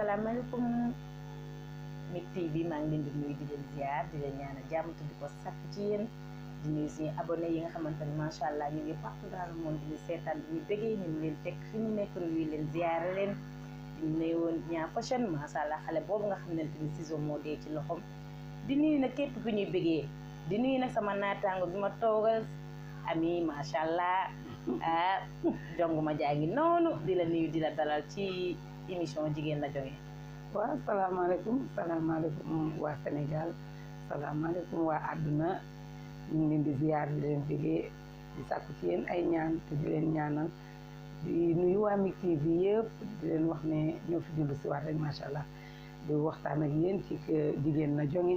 asalaamaaleykum Mik TV bi maa ngi leen di nuyu ci yéen di yi nga xamante ni macha allah ñu ngi partout dans le monde ñu seetaan di ñu bëggee ñu nekk nuyu leen ziar leen di woon ñaa fashion macha allah xale boobu nga xam ne ni ciseau moo dee ci loxom di nuyu na képp ku ñuy bëggee di nuyu na sama naataango bi ma toogal ami macha allah ah jonguma jaa ngi noonu di la nuyu di la dalal ci. émission jigéen la jóge waaw salaamaaleykum salaamaaleykum waa Sénégal salaamaaleykum waa àdduna ñu ngi leen di ziar di leen jógee di ci yéen ay ñaan te di leen ñaanal di nuyu waa Mik TV yëpp di leen wax ne ñoo fi dellu si waat rek macha allah di waxtaan ak yéen ci jigéen na jonge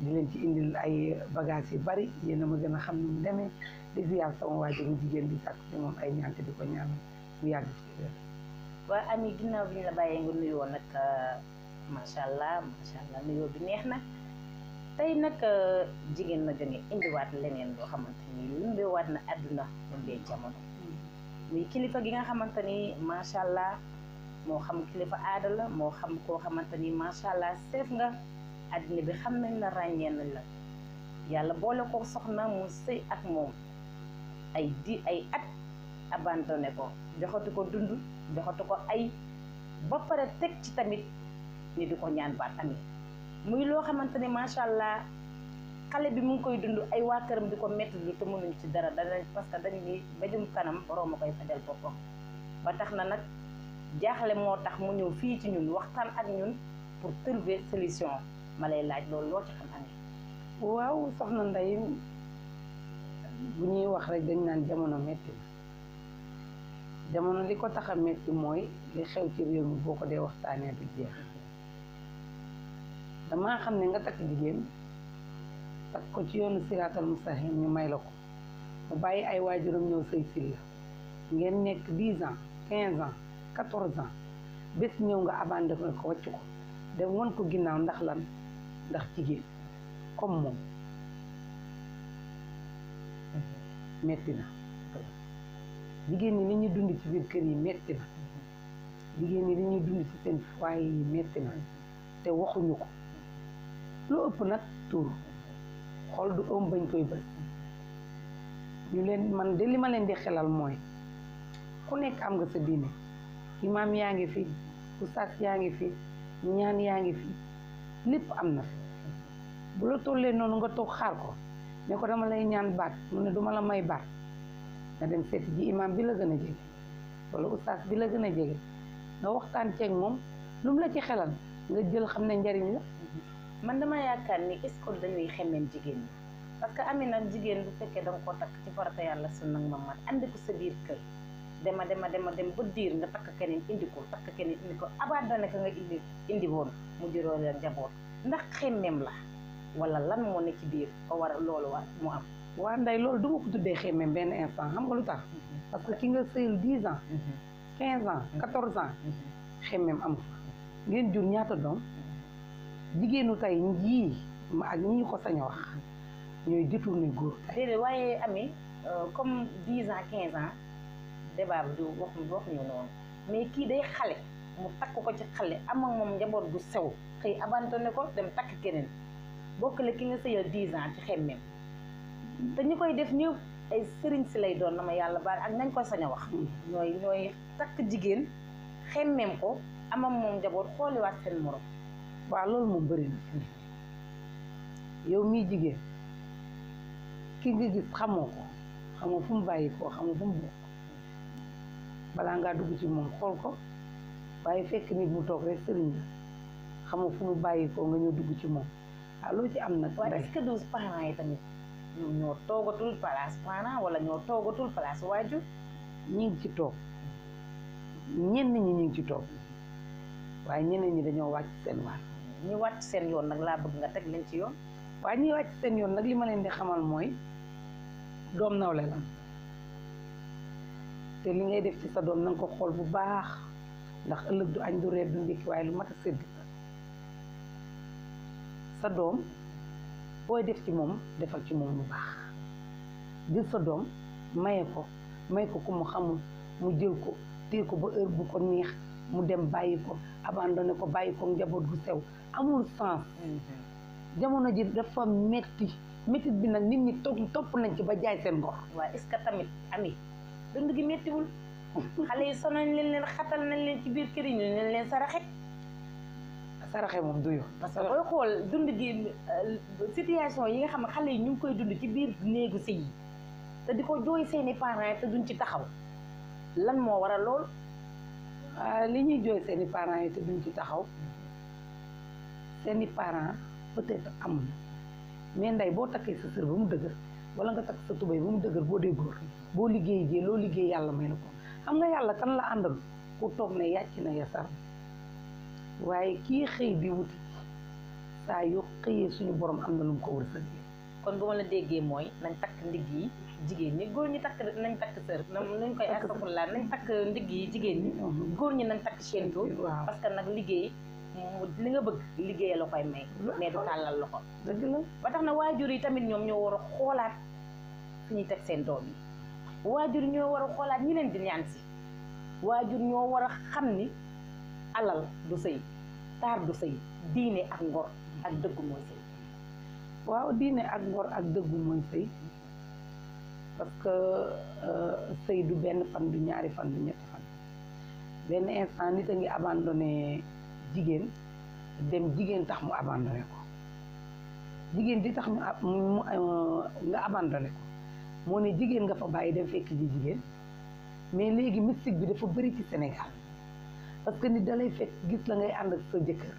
di leen ci indil ay bagages yu bari yéen a ma gën a xam ni mu demee di ziar sama waajuru jigéen di sàkku ci moom ay ñaan te di ko ñaanal mu yàgg ci waa ami ginnaaw bi ñu la bàyyee nga nuyoo nag euh, macha allah nuyoo bi neex na tey nag euh, jigéen ma jonge indiwaat leneen loo xamante ni lumbewaat na àdduna lumbee jamono muy kilifa gi nga xamante ni macha allah moo xam kilifa aadala moo xam koo xamante ni macha allah seef nga àddina bi xam nañ la ràññee nañ la yàlla boole ko soxna mu sëy ak moom ay di ay at abandonné ko joxatu ko dund joxatu ko ay ba pare teg ci tamit ni di ko ñaan baat amit muy loo xamante ni macha allah xale bi mu ngi koy dund ay waa këram di ko metti lu te mënuñ ci dara dara parce que dañu ni mbéjum kanam borom a koy fajal boppam ba tax na nag jaaxle moo tax mu ñëw fii ci ñun waxtaan ak ñun pour trouver solution ma lay laaj loolu loo ci xam amee. waaw soxna Ndeye bu ñuy wax rek dañ naan jamono métti jamono li ko tax a metti mooy li xew ci réew mi boo ko dee waxtaanee du jeex damaa xam ne nga takk jigéen takk ko ci yoonu siraatal mustaqim ñu may la ko mu bàyyi ay waajuram ñëw sëy si la ngeen nekk 10 ans 15 ans 14 ans bés ñëw nga abandonné ko wàcc ko dem won ko ginnaaw ndax lan ndax jigéen comme moom metti na jigéen ñi li ñuy dund ci biir kër yi metti na jigéen ñi li ñuy dund ci seen foyer yi metti na te waxuñu ko lu ëpp nag tur xool du ëm bañ koy bët ñu leen man de li ma leen di xelal mooy ku nekk am nga sa diine imaam yaa ngi fi ustaas yaa ngi fi ñaan yaa ngi fi lépp am na fi bu la tollee noonu nga toog xaar ko ne ko dama lay ñaan baat mu ne duma la may baat nga dem seeti ji imam bi la gën a jege wala ustaas bi la gën a jege nga waxtaan ceeg moom lu mu la ci xelal nga jël xam ne njariñ la man dama yaakaar ni est-ce que dañuy xemeen jigéen ñi parce que Amina jigéen bu fekkee danga ko takk ci farata yàlla su nag ma mat andi ko sa biir kër dema dema dema dem ba diir nga takk keneen indi ko takk keneen indi ko abandonné ko nga indi indi woon mu juróo la njaboot ndax xemmeem la wala lan moo ne ci biir ko war mu am وعندي لول دوما كنت دخي من بين انسان هم قالوا تاخ بس كينغ سيل ديزا 15 14 خيم ام ام نين جور نياتا دوم جيجينو تاي نجي ما اك ني كو ساني واخ ني ديتورني غور ديري واي امي كوم 10 15 ديباب دو واخ مي واخ ني نون مي كي داي خالي مو تاكو كو تي خالي ام ام موم جابور بو سيو خي ابانتوني دم تاك كينين بوك لا كينغ سيل ديزا تي خيم te ñu koy def ñëpp ay sëriñ si lay doon na ma yàlla bari ak nañ ko sañ wax. Mm. ñooy ñooy takk jigéen xemmeem ko amam moom njaboot xooliwaat seen moroom waaw loolu moom bëri mm. yow mii jigéen ki nga gis xamoo fu mu bàyyi koo balaa ngaa dugg ci moom xool ko waaye fekk nit mu toog rek sëriñ la xamoo fu mu bàyyi nga ñëw dugg ci moom waaw loo ci am nag. waaye est-ce que parents yi tamit. ñoom ñoo toogatul place parent wala ñoo toogatul place waajur ñi ngi ci toog ñenn ñi ñu ngi ci toog waaye ñeneen ñi dañoo wàcc seen waar ñi wàcc seen yoon nag laa bëgg nga teg leen ci yoon waaye ñi wàcc seen yoon nag li ma leen di xamal mooy doom nawle la te li ngay def ci sa doom nag ko xool bu baax ndax ëllëg du añ du reer du waaye lu mat a sédd sa doom booy def ci moom defal ci moom lu baax jël sa doom maye ko may ko ku mu xamul mu jël ko téye ko ba heure bu ko neex mu dem bàyyi ko abandonné ko bàyyi ko njaboot gu sew amul sens mhm. jamono ji dafa metti métit bi nag nit ñi topp nañ ci ba jaay seen ngor waaw est-ce que tamit ami dund gi méttiwul xale yi sonoñ leen leen xatal nañ leen ci biir këriñ leen leen saraxe saraxe moom duyu parce que booy xool dund gi euh, situation yi nga xam ne xale yi ñu ngi koy dund ci biir néegu sëy yi te di ko jooy seeni parents te duñ ci taxaw lan moo war waral lool euh, li ñuy jooy seeni parents yi te duñ ci taxaw seeni parents peut-être amul mais nday boo takkee sa sër ba mu dëgër wala nga takk sa tubéy ba mu dëgër boo dee góor boo liggéey jee loo liggéey yàlla may na ko xam nga yàlla kan la àndal ku toog ne yàcc na ya sar waaye kii xëy di wuti saa yu xëyee suñu borom am na lu mu ko wërsëgee. kon bu ma la déggee mooy nañ takk ndigg yi jigéen ñi góor ñi takk nañ takk sër nañ koy astafurlaa nañ takk ndigg yi jigéen ñi mhm. góor ñi nañ takk séentu parce que nag liggéey li nga bëgg liggéey la koy may mais du tàllal loxo dëgg la ba tax na waajur yi tamit ñoom ñoo war a xoolaat fi ñuy teg seen doom yi waajur ñoo war a xoolaat ñi leen di ñaan si waajur ñoo war a xam ni alal du sëy taar du sëy diine ak ngor ak dëggu sëy ak ngor ak dëggu mooy sëy parce que euh, sëy du benn fan du ñaari fan du ñetti fan benn instant nit a ngi abandonné jigéen dem jigéen tax mu abandonné ko jigéen di tax mu euh, nga abandonné ko moo ne jigéen nga fa bàyyi dem fekk ji jigéen mais léegi mystique bi dafa bari ci Sénégal parce que nit dalay fek gis la ngay and ak sa jëkkeur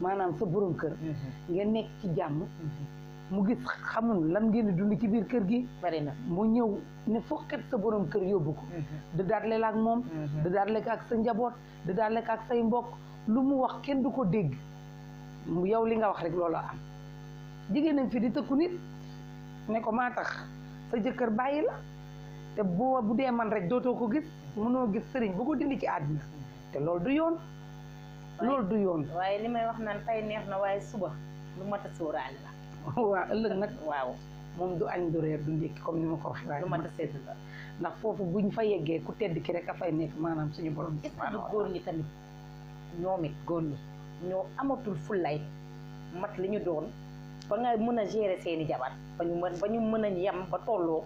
manam sa borom kër mhm. nga nekk ci jamm mhm. mu gis xamul lan ngeen dund ci biir kër gi bari na mu ñew ne fokkat sa borom kër yóbbu ko mhm. da daatle la ak moom da ko ak sa njabot de daatle ko ak say mbokk lu mu wax kenn duko ko dégg yow li nga wax rek loolu am jigeen nañ fi di tëkku nit ne ko ma tax sa jëkkeur bayila te bo bu dee man rek doto ko gis mëno gis sëriñ bu ko dindi ci àddina te loolu du yoon. loolu du yoon. waaye li may wax naan tey neex na waaye suba lu mat a sóoraale la. waaw ëllëg nag waaw moom du añ du reer du ndékki comme ni ma ko waxee waaye lu mat a sedd la ndax foofu buñ fa yeggee ku tedd ki rek a fay nekk maanaam suñu borom. maanaam est góor ñi tamit ñoom it góor ñoo amatul fullay mat li ñu doon ba nga mën a gérer seeni jabar ba ñu mën ba ñu mën a yem ba tolloo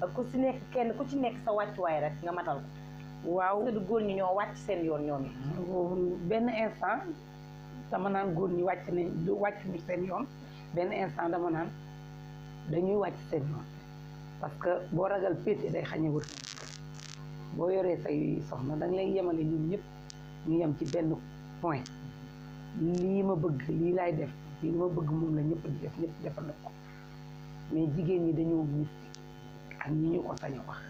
ba ku ci nekk kenn ku ci nekk sa wàccuwaay rek nga matal ko. waaw du góor ñi ñoo wàcc seen yoon ñoom it. benn instant dama naan góor ñi wàcc nañ du wàccuñu seen yoon benn instant dama naan dañuy wàcc seen yoon parce que boo ragal péete day xañe wër boo yoree say soxna da nga lay yemale ñun ñëpp ñu yem ci benn point lii ma bëgg lii laay def lii ma bëgg moom la ñëpp di def ñëpp defal na ko mais jigéen ñi dañoo mystique ak ñi ñu ko sañ wax.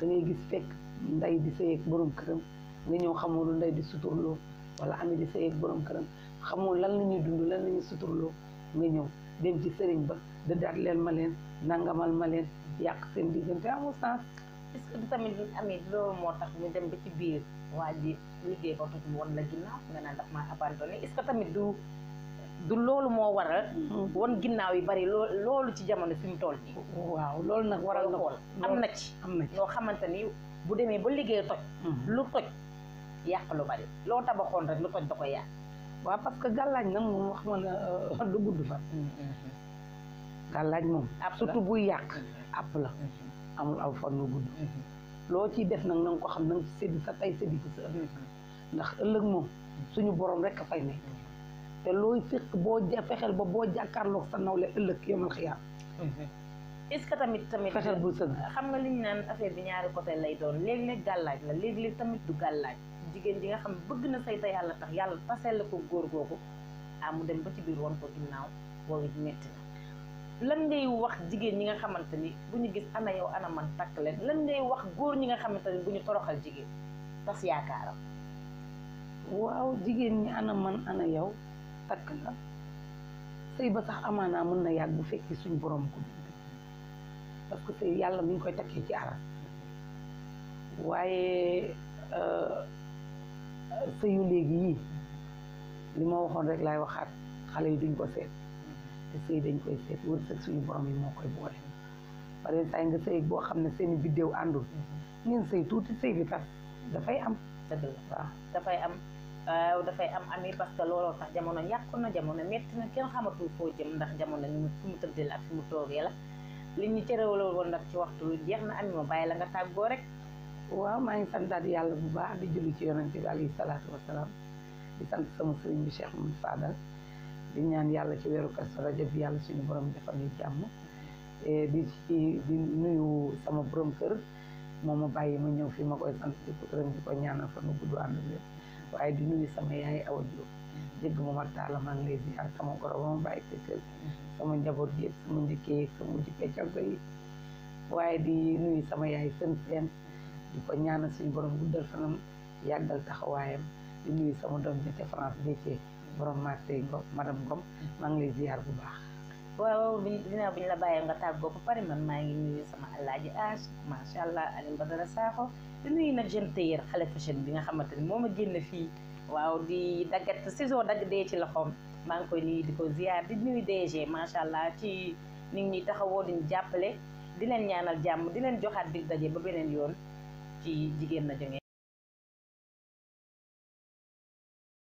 da ngay gis fekk nday di sëy ak borom këram nga ñëw xamoo lu nday di suturloo wala ami di sëy ak borom këram xamoo lan la ñuy dund lan la ñuy suturloo nga ñëw dem ci sëriñ ba dëddaat leen ma leen nangamal ma leen yàq seen diggante amul sens. est que tamit amit loolu moo tax ñu dem ba ci biir waa ji liggéey ba toj woon la ginnaaw nga naan daf maa abandonné est que tamit du. du loolu moo waral. Mm-hmm. wan ginnaaw yi bari loolu ci jamono fi tool toll. waaw loolu nag waral na ko am na ci. am na ci ñoo xamante ni bu demee ba liggéey toj. Mm-hmm. lu toj yàq lu bari loo tabaxoon rek lu toj da koy yàq. waaw parce que gàllaañ nag moom wax nga ne euh, gudd fa. Mm-hmm. gàllaañ moom. surtout buy yàq àpp la. amul aw fan lu gudd. loo ci def nag na nga ko xam na nga séddu sa tey séddu ndax ëllëg moom suñu borom rek a fay nekk. te looy séq boo ja fexeel ba boo jàkkaarloog sa nawle ëllëg yomal xiyaam. est-ce que tamit tamit. fexeel bul sëgg xam nga li ñu naan affaire bi ñaari côté lay doon léeg-léeg gàllaaj la léeg-léeg tamit du gàllaaj jigéen ji nga xam bëgg na sayta yàlla tax yàlla taseel la ko góor googu ah mu dem ba ci biir woon ko ginnaaw boobu it metti na. lan ngay wax jigéen ñi nga xamante ni bu ñu gis ana yow ana man takk leen lan ngay wax góor ñi nga xamante ni bu ñu toroxal jigéen tas yaakaaram. jigéen ñi ana man ana yow. sakkan sëy ba sax amaanaa mën na yàgg bu fekkee suñ borom ko bind parce que sëy yàlla mi ngi koy takkee ci aras waaye euh, sëyu léegi yii li moo waxoon rek laay waxaat xale yi duñ ko seet te dañ koy seet wërsëg suñu borom yi moo koy boole pare saa nga sëy boo xam ne seeni biddéew àndul ngeen sëy tuuti sëy bi tas dafay am dëgg dafay am fay am ami parce que lolo tax jamono yàqu na jamono metti na kenn xamatu foo jëm ndax jamono ni mu mu tëddee la ak fi mu toge la li ñu cërewaloo won nak ci waxtu lu jeex na ami ma bàyyi la nga taggo rek waaw ma ngi santaat yalla bu baax di julli ci yonente bi alayhi salatu wassalam di sant sama serigne bi Cheikh Mouhamed Fadal di ñaan yalla ci weeru Kazu Rajab bi yalla suñu borom defal ñu e di ci di nuyu sama borom kër moom ma bàyyi ma ñew fi ma koy sant ci ko ko ñaanal fa nu gudd ànd waaye di nuyu sama yaay Awa Diop mm-hmm. jëgg ma martaala maa ngi lay ziar sama goro ba ma bàyyi sa kër mm-hmm. sama njaboot yëpp sama njëkkee yeeg sama njëkkee caggo yi waaye di nuyu sama yaay seen seen di ko ñaanal suñu borom guddal fanam yàggal taxawaayam di nuyu sama doom jete France déccee borom mm-hmm. maa ngi lay ziar bu baax waaw dinaa buñ la bàyyee nga tàggoo ba pare man maa ngi nuyu sama alaaji macha allah Alioune Badara Sakho di nuyu nag jeune tailleur bi nga xamante ni moo ma génn fii waaw di daggat saison dagg dee ci loxoom maa ngi koy nuyu di ko ziar di nuyu DG macha allah ci ni ñuy taxawoo diñ jàppale di leen ñaanal jàmm di leen joxaat dig daje ba beneen yoon ci jigéen na jonge